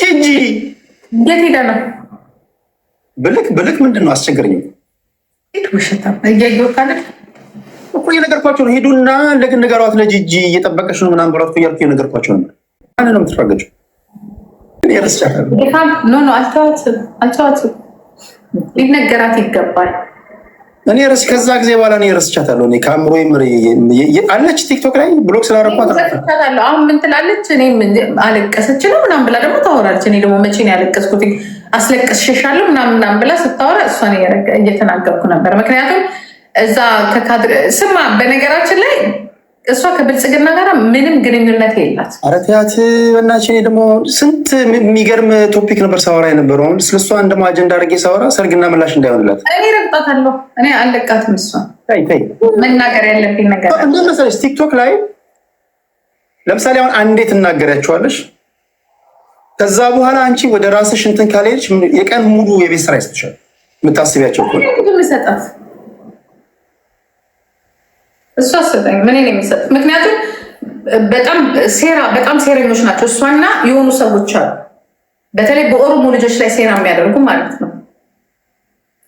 ጂጂ የት ሄደ ነው? ብልክ ብልክ ምንድን ነው አስቸገረኝ። እኮ እየነገርኳቸው ነው። ሄዱና ንገሯት ለጂጂ እየጠበቀች ነው ምናምን ብሏት እያልኩ እየነገርኳቸው ነው። አነ ነው የምትፋገጭው ኖ አልተዋትም፣ አልተዋትም። ሊነገራት ይገባል። እኔ ረስ ከዛ ጊዜ በኋላ እኔ ረስቻታለሁ። እኔ ከአእምሮ አለች ቲክቶክ ላይ ብሎክ ስላረኳት አሁን ምን ትላለች? እኔ አለቀሰች ነው ምናምን ብላ ደግሞ ታወራለች። እኔ ደግሞ መቼ ነው ያለቀስኩት? አስለቅስሻለሁ ምናምን ምናምን ብላ ስታወራ እሷን እየተናገርኩ ነበር። ምክንያቱም እዛ ስማ በነገራችን ላይ እሷ ከብልጽግና ጋር ምንም ግንኙነት የላት። ኧረ ተያት በእናትሽ። እኔ ደግሞ ስንት የሚገርም ቶፒክ ነበር ሳወራ የነበሩ አሁን ስለ እሷ እንደሞ አጀንዳ አድርጌ ሳወራ ሰርግና ምላሽ እንዳይሆንላት እኔ ረግጣታለሁ። እኔ አለቃትም እሷ መናገር ያለብኝ ነገር እንደ መሰለሽ ቲክቶክ ላይ ለምሳሌ አሁን አንዴ ትናገሪያቸዋለሽ። ከዛ በኋላ አንቺ ወደ ራስሽ እንትን ካልሄድሽ የቀን ሙሉ የቤት ስራ ይሰጥሻል። የምታስቢያቸው እኮ ነው እሱ አሰጠኝ። ምን ነው የሚሰጥ? ምክንያቱም በጣም ሴራ በጣም ሴረኞች ናቸው። እሷና የሆኑ ሰዎች አሉ፣ በተለይ በኦሮሞ ልጆች ላይ ሴራ የሚያደርጉ ማለት ነው።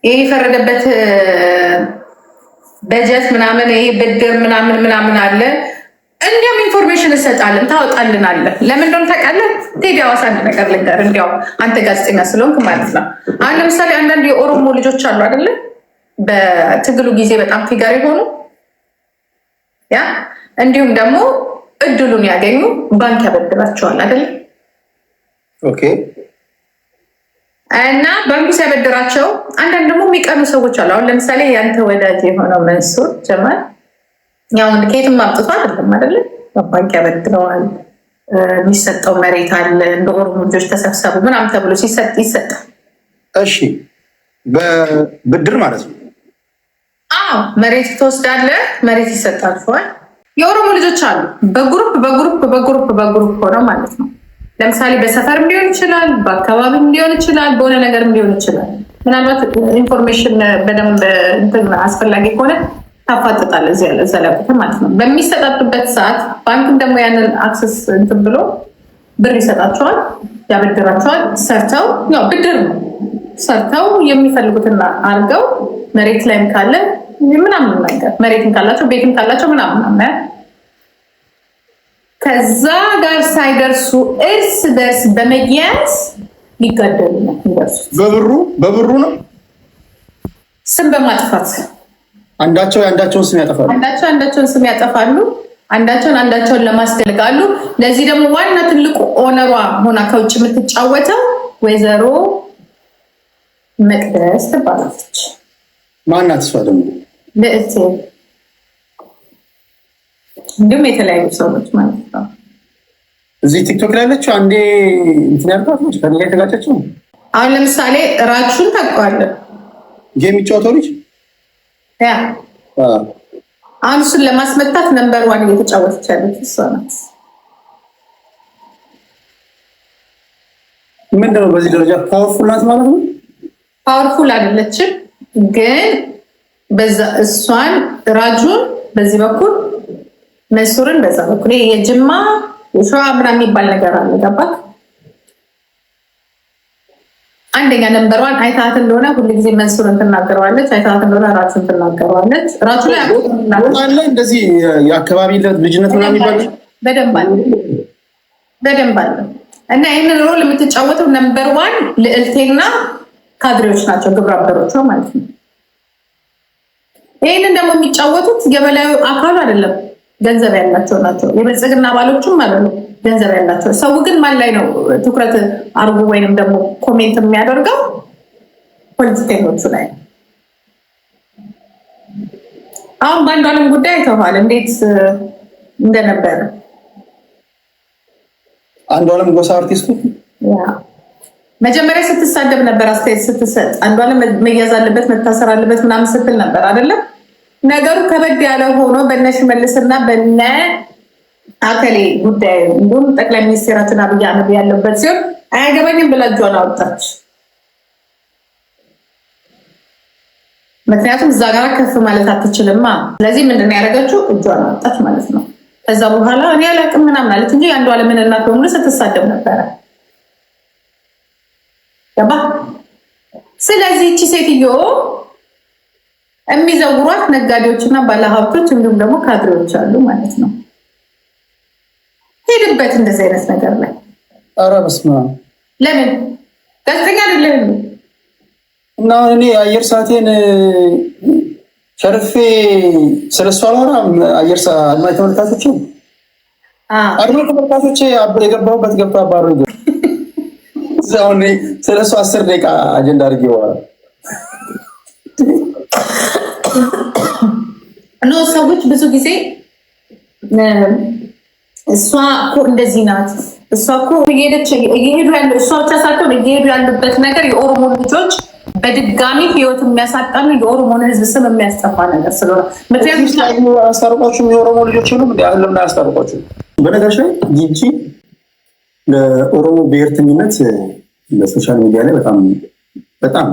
ይህ የፈረደበት በጀት ምናምን፣ ይህ ብድር ምናምን ምናምን አለ። እንዲያም ኢንፎርሜሽን እሰጣለን ታወጣልናለ። ለምን እንደሆነ ታውቃለህ? ቴዲ አዋሳ አንድ ነገር ልንገር፣ እንዲያው አንተ ጋዜጠኛ ስለሆንክ ማለት ነው። አሁን ለምሳሌ አንዳንድ የኦሮሞ ልጆች አሉ አይደለ? በትግሉ ጊዜ በጣም ፊጋር የሆኑ ያ እንዲሁም ደግሞ እድሉን ያገኙ ባንክ ያበድራቸዋል አይደለም ኦኬ እና ባንኩ ሲያበድራቸው አንዳንድ ደግሞ የሚቀኑ ሰዎች አሉ። አሁን ለምሳሌ ያንተ ወዳጅ የሆነው መንሱር ጀማል ያሁን ከየትም አምጥቶ አይደለም አይደለም ባንክ ያበድረዋል። የሚሰጠው መሬት አለ እንደ ኦሮሞ ልጆች ተሰብሰቡ ምናምን ተብሎ ይሰጣል። እሺ በብድር ማለት ነው መሬት ትወስዳለህ፣ መሬት ይሰጣችኋል። የኦሮሞ ልጆች አሉ በግሩፕ በግሩፕ በግሩፕ በግሩፕ ሆነው ማለት ነው። ለምሳሌ በሰፈርም ሊሆን ይችላል፣ በአካባቢም ሊሆን ይችላል፣ በሆነ ነገርም ሊሆን ይችላል። ምናልባት ኢንፎርሜሽን በደንብ አስፈላጊ ከሆነ ታፋጥጣል እዛ ላይ ማለት ነው። በሚሰጣጡበት ሰዓት ባንክም ደግሞ ያንን አክሰስ እንትን ብሎ ብር ይሰጣቸዋል፣ ያበድራቸዋል። ሰርተው ያው ብድር ነው ሰርተው የሚፈልጉትና አድርገው መሬት ላይም ካለ ምናምን ነገር መሬትም ካላቸው ቤትም ካላቸው ምናምን ከዛ ጋር ሳይደርሱ እርስ በርስ በመያዝ ሊጋደሉ በብሩ በብሩ ነው ስም በማጥፋት አንዳቸው የአንዳቸውን ስም ያጠፋሉ። አንዳቸው አንዳቸውን ስም ያጠፋሉ። አንዳቸውን አንዳቸውን ለማስደልቃሉ። ለዚህ ደግሞ ዋና ትልቁ ኦነሯ ሆና ከውጭ የምትጫወተው ወይዘሮ መቅደስ ትባላለች። ማናት እሷ ደግሞ እንዲሁም የተለያዩ ሰዎች ማለት ነው። እዚህ ቲክቶክ ላለችው አንዴ እንትን ያልኳት ከኔ ጋር የተጋጨችው። አሁን ለምሳሌ ራቹን ታውቀዋለህ? ጌም የሚጫወተው ልጅ አሁን እሱን ለማስመታት ነንበር ዋን እየተጫወተች ያለች እሷ ናት። ምንድነው በዚህ ደረጃ ፓወርፉል ናት ማለት ነው። ፓወርፉል አይደለችም ግን በዛ እሷን ራጁን በዚህ በኩል መንሱርን በዛ በኩል የጅማ የሸዋ ምናምን የሚባል ነገር አለ። ገባክ? አንደኛ ነንበሯን አይታት እንደሆነ ሁሉ ጊዜ መንሱርን ትናገረዋለች። አይታት እንደሆነ ራጁን ትናገረዋለች። ራጁ ላይ እንደዚህ የአካባቢ ልጅነት በደንብ አለ፣ በደንብ አለ። እና ይህንን ሮል የምትጫወተው ነንበር ዋን ልዕልቴና ካድሬዎች ናቸው፣ ግብረ አበሮቿ ማለት ነው። ይህንን ደግሞ የሚጫወቱት የበላዩ አካሉ አይደለም፣ ገንዘብ ያላቸው ናቸው። የብልጽግና አባሎችም አሉ ነው፣ ገንዘብ ያላቸው። ሰው ግን ማን ላይ ነው ትኩረት አድርጎ ወይንም ደግሞ ኮሜንት የሚያደርገው? ፖለቲከኞቹ ላይ። አሁን በአንዷለም ጉዳይ አይተዋል እንዴት እንደነበረ አንዷለም ጎሳ አርቲስቱ መጀመሪያ ስትሳደብ ነበር፣ አስተያየት ስትሰጥ አንዷለም መያዝ አለበት መታሰር አለበት ምናምን ስትል ነበር አይደለም። ነገሩ ከበድ ያለ ሆኖ በነ ሽመልስና በነ አከሌ ጉዳይ እንዲሁም ጠቅላይ ሚኒስትራችን አብይ አህመድ ያለበት ሲሆን አያገባኝም ብላ እጇን አወጣች። ምክንያቱም እዛ ጋር ከፍ ማለት አትችልማ። ስለዚህ ምንድን ያደረገችው እጇን አወጣች ማለት ነው። ከዛ በኋላ እኔ አላቅም ምናምን ማለት እንጂ አንዷለምን እናት በሙሉ ስትሳደብ ነበረ። ገባ። ስለዚህ እቺ ሴትዮ የሚዘውሯት ነጋዴዎችና ባለሀብቶች እንዲሁም ደግሞ ካድሬዎች አሉ ማለት ነው። ሄድበት እንደዚህ አይነት ነገር ላይ ኧረ በስመ አብ ለምን ጋዜጠኛ አይደለም እና እኔ አየር ሰዓቴን ሸርፌ ስለሱ አልሆናም። አየር አድማጭ ተመልካቾች አድማጭ ተመልካቾች የገባሁበት ገብቶ አባሮ አሁን ስለ እሱ አስር ደቂቃ አጀንዳ አድርጌ ይሆናል። ኖ ሰዎች ብዙ ጊዜ እሷ እኮ እንደዚህ ናት፣ እሷ እኮ እየሄዱ ያለ እሷ ብቻ ሳትሆን እየሄዱ ያሉበት ነገር የኦሮሞን ልጆች በድጋሚ ህይወት የሚያሳጣሉ የኦሮሞን ህዝብ ስም የሚያስጠፋ ነገር ስለሆነ ምክንያቱም አያስታርቋችሁም። የኦሮሞ ልጆች ሉ ለምን አያስታርቋችሁም? በነገሮች ላይ ጊጂ ለኦሮሞ ብሔርተኝነት በሶሻል ሚዲያ ላይ በጣም በጣም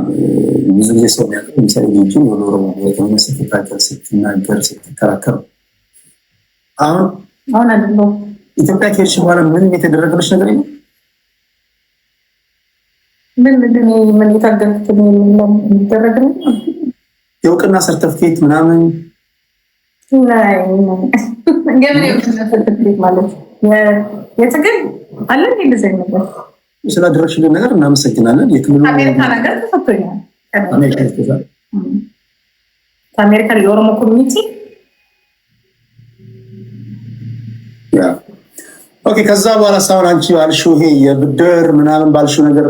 ብዙ ጊዜ ሰው የሚያውቀው ምሳሌ ጅን ወደ ኦሮሞ ስትታገር ስትናገር፣ ስትከራከር አሁን ኢትዮጵያ ከሄድሽ በኋላ ምንም የተደረገልሽ ነገር የለም። የእውቅና ሰርተፍኬት ምናምን ገምን የእውቅና ሰርተፍኬት ማለት የትግል አለን ጊዜ ነበር ስላደረግሽልን ነገር እናመሰግናለን። የክልሉ ከአሜሪካ የኦሮሞ ኮሚኒቲ ኦኬ። ከዛ በኋላ ሳሁን አንቺ ባልሽው ይሄ የብድር ምናምን ባልሽው ነገር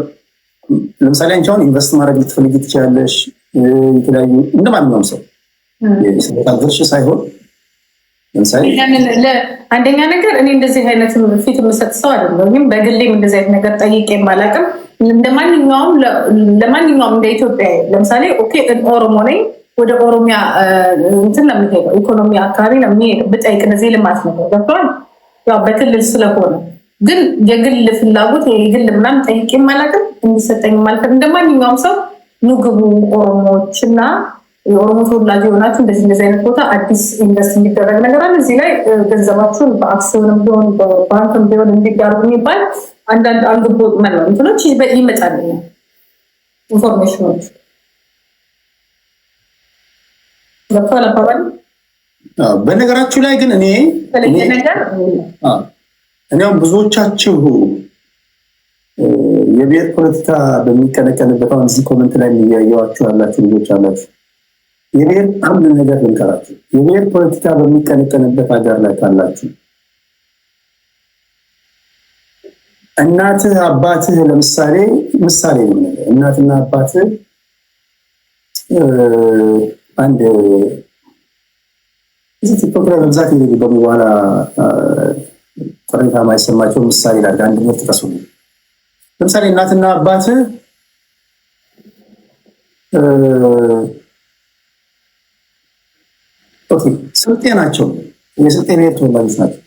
ለምሳሌ አንቺ አሁን ኢንቨስት ማድረግ ልትፈልጊ ትችላለሽ። የተለያዩ እንደማንኛውም ሰው ስለታገርሽ ሳይሆን አንደኛ ነገር እኔ እንደዚህ አይነት ፊት የምሰጥ ሰው አይደለሁም። በግሌም እንደዚህ አይነት ነገር ጠይቄ አላውቅም። ለማንኛውም ለማንኛውም እንደ ኢትዮጵያ ለምሳሌ ኦኬ ኦሮሞ ነኝ ወደ ኦሮሚያ እንትን ነው ኢኮኖሚ አካባቢ ነው ብጠይቅ እንደዚህ ልማት ነገር ገብተዋል። ያው በክልል ስለሆነ ግን የግል ፍላጎት የግል ምናምን ጠይቄ አላውቅም። እንዲሰጠኝ ማለት እንደማንኛውም ሰው ምግቡ ኦሮሞዎች እና የኦሮሞ ተወላጅ የሆናችሁ እንደዚህ እንደዚህ አይነት ቦታ አዲስ ኢንቨስት የሚደረግ ነገር አለ። እዚህ ላይ ገንዘባችሁን በአክሲዮንም ቢሆን በባንክም ቢሆን እንዲጋሩ የሚባል አንዳንድ አንዱ መለ እንትኖች ይመጣል ኢንፎርሜሽኖች ገብቷል አባባል። በነገራችሁ ላይ ግን እኔ እኔም ብዙዎቻችሁ የብሔር ፖለቲካ በሚቀነቀንበት አሁን እዚህ ኮመንት ላይ የሚያየዋችሁ ያላችሁ ልጆች አላችሁ የብሔር አንድ ነገር ልንከራችሁ፣ የብሔር ፖለቲካ በሚቀነቀንበት ሀገር ላይ ካላችሁ እናትህ አባትህ ለምሳሌ ምሳሌ ነው። እናትና አባትህ አንድ እዚህ ቲክቶክ ላይ በብዛት እንግዲህ በሚ በኋላ ቅሬታ ማይሰማቸው ምሳሌ ላለ አንድ ምርት ጥቀሱ። ለምሳሌ እናትና አባትህ ስልጤ ናቸው። የስልጤ ብሔር ተወላጆች ናቸው።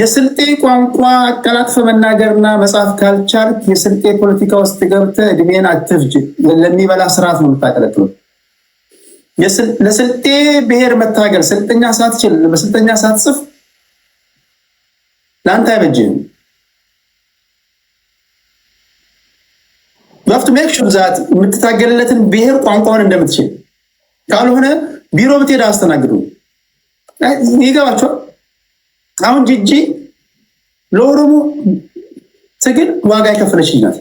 የስልጤ ቋንቋ አቀላጥፈ መናገርና መጻፍ ካልቻልክ የስልጤ ፖለቲካ ውስጥ ገብተህ እድሜን አትፍጅ። ለሚበላ ስርዓት ነው የምታቀለጥለው። ለስልጤ ብሔር መታገል ስልጠኛ ሳትችል በስልጠኛ ሳትጽፍ ለአንተ አይበጅም። ዩሀፍ ቱ ሜክ ሹር ዛት የምትታገልለትን ብሔር ቋንቋውን እንደምትችል ካልሆነ ቢሮ ብትሄድ አስተናግዱ ይገባቸዋል። አሁን ጅጂ ለኦሮሞ ትግል ዋጋ የከፈለችናት።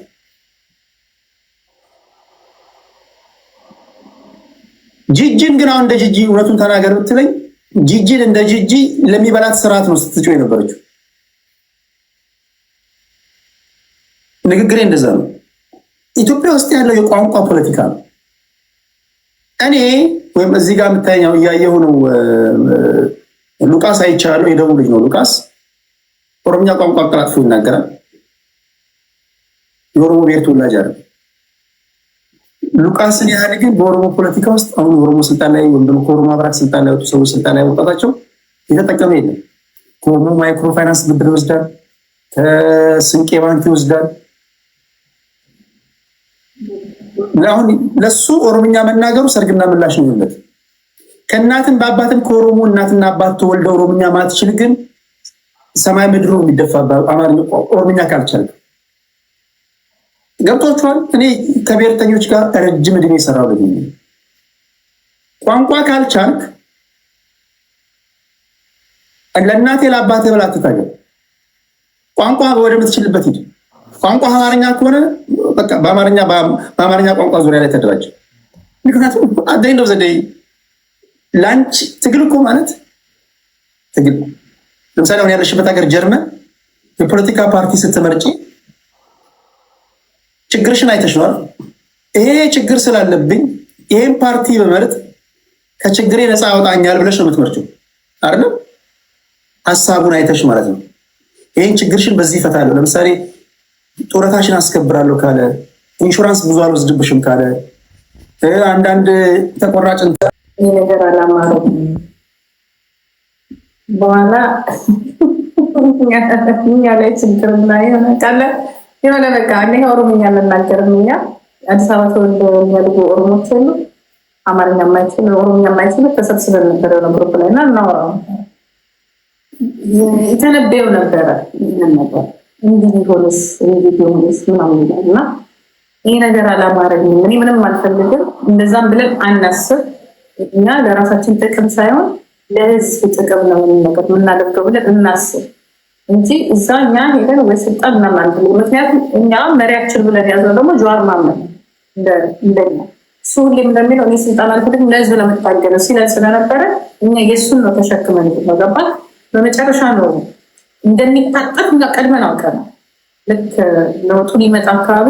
ጅጅን ግን አሁን እንደ ጅጂ እውነቱን ተናገር ብትለኝ ጅጂን እንደ ጅጂ ለሚበላት ስርዓት ነው ስትጮ የነበረችው። ንግግሬ እንደዛ ነው። ኢትዮጵያ ውስጥ ያለው የቋንቋ ፖለቲካ ነው። እኔ ወይም እዚህ ጋር የምታኛው እያየሁ ነው። ሉቃስ አይቻለሁ። የደቡብ ልጅ ነው ሉቃስ። ኦሮምኛ ቋንቋ አቀላጥፎ ይናገራል። የኦሮሞ ብሔር ተወላጅ አለ። ሉቃስን ያህል ግን በኦሮሞ ፖለቲካ ውስጥ አሁን ኦሮሞ ስልጣን ላይ ወይም ደግሞ ከኦሮሞ አብራት ስልጣን ላይ ወጡ ሰዎች ስልጣን ላይ መውጣታቸው የተጠቀመ የለም። ከኦሮሞ ማይክሮ ፋይናንስ ብድር ይወስዳል፣ ከስንቄ ባንክ ይወስዳል አሁን ለሱ ኦሮምኛ መናገሩ ሰርግና ምላሽ ነው ይለት ከእናትን በአባትም ከኦሮሞ እናትና አባት ተወልደ ኦሮምኛ ማትችል ግን ሰማይ ምድሩ የሚደፋባ ኦሮምኛ ካልቻለ ገብቶችኋል። እኔ ከብሔርተኞች ጋር ረጅም ዕድሜ የሰራ ቋንቋ ካልቻልክ ለእናቴ ለአባቴ ብላ ትታገል ቋንቋ ወደምትችልበት ሂድ። ቋንቋ አማርኛ ከሆነ በአማርኛ ቋንቋ ዙሪያ ላይ ተደራጅ። ምክንያቱም አደይ ነው ዘደይ ላንች ትግል እኮ ማለት ትግል። ለምሳሌ አሁን ያለሽበት ሀገር ጀርመን የፖለቲካ ፓርቲ ስትመርጪ ችግርሽን አይተሽዋል። ይሄ ችግር ስላለብኝ ይህን ፓርቲ በመርጥ ከችግሬ ነፃ ያወጣኛል ብለሽ ነው የምትመርጪው አይደለም? ሀሳቡን አይተሽ ማለት ነው። ይህን ችግርሽን በዚህ ይፈታለሁ። ለምሳሌ ጡረታሽን አስከብራለሁ ካለ፣ ኢንሹራንስ ብዙ አልወስድብሽም ካለ፣ አንዳንድ ተቆራጭ ነገር አላማረም በኋላ እኛ ላይ ችግር እና የሆነ ቃለ የሆነ በቃ እኔ ኦሮምኛ መናገርም እኛ አዲስ አበባ ተወልደ የሚያድጉ ኦሮሞች ሁሉ አማርኛ ማይችሉ ኦሮምኛ ማይችሉ ተሰብስበን ነበር የሆነ ግሩፕ ላይ እና እናወራው ተነበየው ነበረ ነበር እንግዲህ ሆነስ እንግዲህ ሆነስ ምናምን ይላል እና ነገር አላማረኝም፣ እኔ ምንም አልፈልግም። እንደዛም ብለን አናስብ። እኛ ለራሳችን ጥቅም ሳይሆን ለህዝብ ጥቅም ነው ነገር የምናደርገው ብለን እናስብ እንጂ እዛ እኛ ሄደን ወይ ስልጣን ምናምን አንፈልግም። ምክንያቱም እኛ መሪያችን ብለን ደግሞ ጀዋር እንደኛ እሱ ሁሌም እንደሚለው እኔ ስልጣን አልፈልግም ለህዝብ ሲለን ስለነበረ እኛ የእሱን ነው ተሸክመን ነው ገባት በመጨረሻ ነው እንደሚታጠፍ እና ቀድመን ነው። ልክ ለውጡ ሊመጣ አካባቢ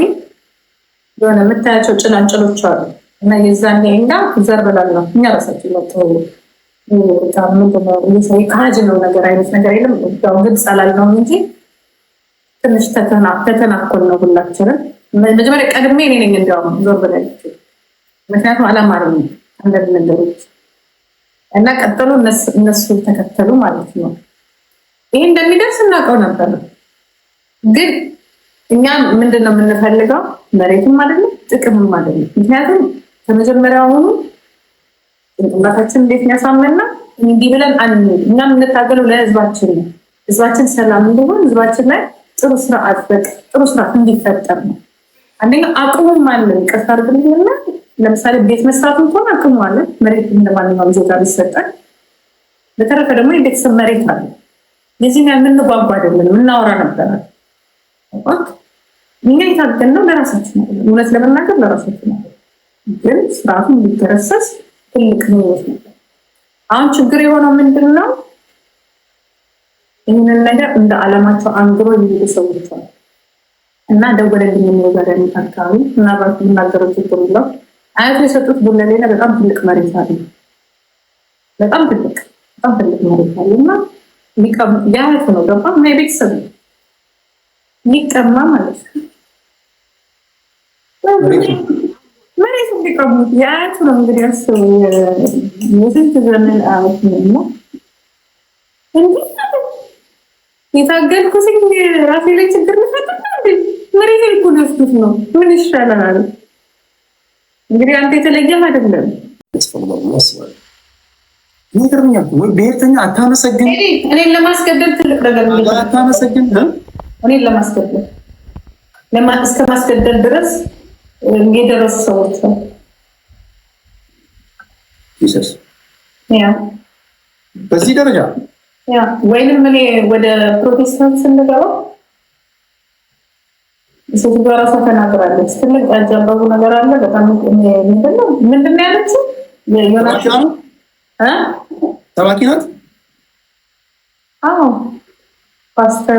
የሆነ የምታያቸው ጭላንጭሎች አሉ እና የዛን ጋ ዘር በላል ነው እኛ ራሳቸው መጥ ካጅ ነው ነገር አይነት ነገር የለም። ያው ግብፅ አላልነውም እንጂ ትንሽ ተተናኮል ነው ሁላችንም። መጀመሪያ ቀድሜ እኔ ነኝ እንዲያውም ዞር በላቸው፣ ምክንያቱም አላማርም አንዳንድ ነገሮች እና ቀጠሉ እነሱ ተከተሉ ማለት ነው። ይሄ እንደሚደርስ እናውቀው ነበር፣ ግን እኛ ምንድን ነው የምንፈልገው? መሬትም አይደለም ጥቅምም አይደለም። ምክንያቱም ከመጀመሪያ ሆኑ ጭንቅላታችን እንዴት ያሳመና እንዲህ ብለን አንድ እኛ የምንታገለው ለህዝባችን ነው። ህዝባችን ሰላም እንዲሆን፣ ህዝባችን ላይ ጥሩ ስርዓት በቅ ጥሩ ስርዓት እንዲፈጠር ነው። አንደኛ አቅሙም አለን። ቅርት አድርግልኝና ለምሳሌ ቤት መስራት እንኳን አቅሙ አለን። መሬት እንደማንኛውም ዜጋ ሊሰጠን። በተረፈ ደግሞ የቤተሰብ መሬት አለን። የዚህ ያ የምንጓጓ አይደለም፣ የምናወራ ነበረ። እኛ የታገን ነው ለራሳችን ነው፣ እውነት ለመናገር ለራሳችን ነው። ግን ስርዓቱ እንዲገረሰስ ትልቅ ህይወት ነበር። አሁን ችግር የሆነው ምንድን ነው? ይህንን ነገር እንደ አለማቸው አንግሮ የሚሉ ሰዎች አሉ እና ደወለልኝ የሚወዛሪ አካባቢ ምናልባት የምናገረው ችግር ብለው አያቱ የሰጡት ቡለሌ በጣም ትልቅ መሬት አለ። በጣም ትልቅ በጣም ትልቅ መሬት አለ እና የአያቱ ነው ገባ እና የቤተሰብ የሚቀማ ማለት ነው። መሬቱ እንዲቀሙ የአያቱ ነው እንግዲህ አስቡ። የስንት ዘመን አያት ነው እንዲ የታገልኩ ስ ራሴ ላይ ችግር ልፈጥር መሬት ሊኮደስኩት ነው ምን ይሻላል? እንግዲህ አንተ የተለየ አይደለም። ይገርምኛል ወይ ብሔርተኛ አታመሰግን። እኔን ለማስገደል ትልቅ ነገር አታመሰግን። እኔን ለማስገደል እስከ ማስገደል ድረስ የደረሱ ሰዎች ነው። በዚህ ደረጃ ወይንም እኔ ወደ ፕሮቴስታንት ስንገባ ሴት በራሷ ተናግራለች። ትልቅ ያጃበቡ ነገር አለ በጣም ምንድን ነው ምንድን ነው ሰባኪ ናት። አዎ ፓስተር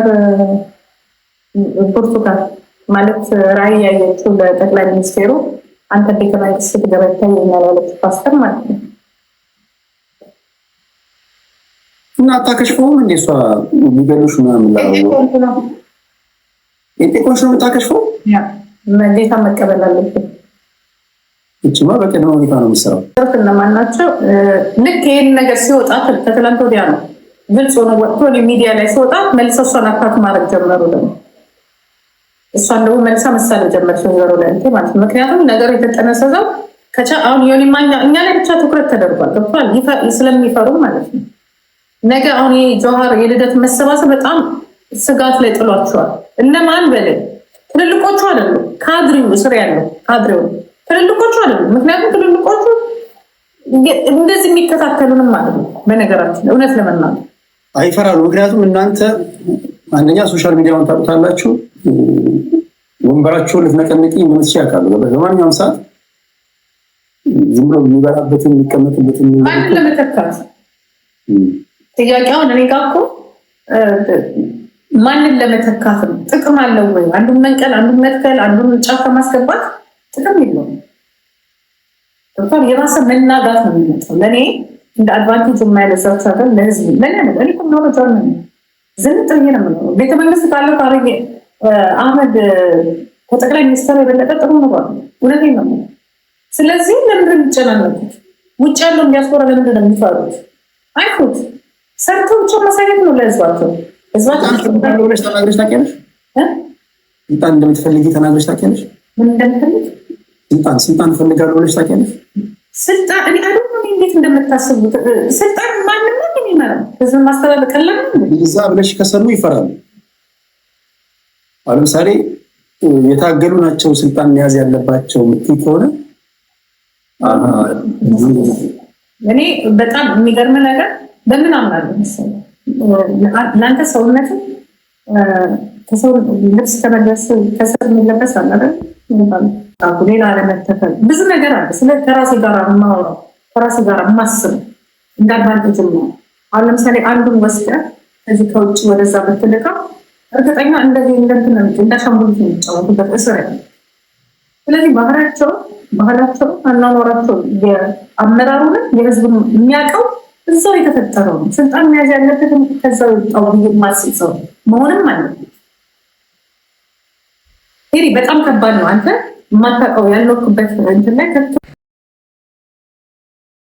ብርቱካን ማለት ራዕይ ያየችው ለጠቅላይ ሚኒስቴሩ አንተ ቤተ መንግስት ስትገባ ይታየኛል ፓስተር ማለት ነው። እና አታከሽፈውም እንዴ? እሷ ሊገሉሽ ምናምን ጴንጤ ኮንሽ ነው የምታከሽፈው። ጌታ መቀበል አለብን እችማ በቅድመ ሁኔታ ነው የሚሰራው። እነማን ናቸው? ልክ ይህን ነገር ሲወጣ ከትላንት ወዲያ ነው ግልጽ ሆኖ ወጥቶ ሚዲያ ላይ ሲወጣ መልሰ እሷን አካት ማድረግ ጀመሩ። ደግሞ እሷን ደግሞ መልሳ መሳለ ጀመር ሲዘሮ ላይ ማለት ነው። ምክንያቱም ነገር የተጠነሰሰው ከቻ አሁን ዮኒ ማኛ እኛ ላይ ብቻ ትኩረት ተደርጓል። ገብቷል ስለሚፈሩ ማለት ነው። ነገ አሁን ጆሀር የልደት መሰባሰብ በጣም ስጋት ላይ ጥሏቸዋል። እነማን በለ ትልልቆቹ አይደሉም። ካድሪው እስር ያለው ካድሪው ትልልቆቹ አይደሉም። ምክንያቱም ትልልቆቹ እንደዚህ የሚከታተሉንም ማለት በነገራችን እውነት ለመናገር አይፈራሉ። ምክንያቱም እናንተ አንደኛ ሶሻል ሚዲያውን ታውቁታላችሁ፣ ወንበራቸውን ልትነቀንቅ ምንስ ያውቃሉ። በማንኛውም ሰዓት ዝም ብሎ የሚበላበትን የሚቀመጥበት ማንን ለመተካት ጥያቄውን እኔ ጋር እኮ ማንን ለመተካት ነው? ጥቅም አለው ወይ? አንዱን መንቀል፣ አንዱን መትከል፣ አንዱን ጫፍ ከማስገባት ጥቅም የለውም። የባሰ መናጋት ነው የሚመጣው። ለእኔ እንደ አድቫንቴጅ የማይለሳቸው ሀገር ለህዝብ ለእኔ ነው። እኔ ምኖረ ጀርመን ዝም ጥዬ ነው የምኖረው። ቤተመንግስት ካለ ታሪክ አህመድ ከጠቅላይ ሚኒስትር የበለጠ ጥሩ ነው ባሉ እውነቴ ነው። ስለዚህ ለምንድን የሚጨናነቁት? ውጭ ያለው እንዲያስቆረ ለምንድን ነው የሚፈሩት? አይፉት ሰርተው ብቻ ማሳየት ነው ለህዝባቸው። ህዝባቸው ተናግረሽ ታውቂያለሽ? እንደምትፈልጊ ተናግረሽ ታውቂያለሽ? ምን እንደምትፈልግ ስልጣን ስልጣን ፈልጋለሁ ብለሽ ታውቂያለሽ? ስልጣን እኔ አይደል ነው እንዴት እንደምታስቡት ስልጣን ማንም ነው ህዝብ ብለሽ ከሰሙ ይፈራሉ። አሁን ለምሳሌ የታገሉ ናቸው ስልጣን መያዝ ያለባቸው ምትል ከሆነ እኔ በጣም የሚገርም ነገር በምን አምናለሁ መሰለኝ ለአንተ ሰውነት ከሰው ልብስ ከመለስ ከስር የሚለበስ አለ አይደል ሌላ ለመተፈል ብዙ ነገር አለ። ስለ ከራሴ ጋር የማወራው ከራሴ ጋር የማስበው እንዳድቫንቴጅ ነው። አሁን ለምሳሌ አንዱን ወስደ ከዚህ ከውጭ ወደዛ ብትልካ እርግጠኛ እንደዚህ እንደንት ነው እንዳሻንጉሊት የሚጫወቱበት እስር ያለ ስለዚህ ባህሪያቸው ባህላቸው አናኖራቸው የአመራሩንም የህዝቡን የሚያውቀው እዛው የተፈጠረው ነው። ስልጣን መያዝ ያለበትም ከዛው የወጣው ብዬ ሰው መሆንም አለበት። በጣም ከባድ ነው አንተ የማታውቀው ያለሁበት እንትን ላይ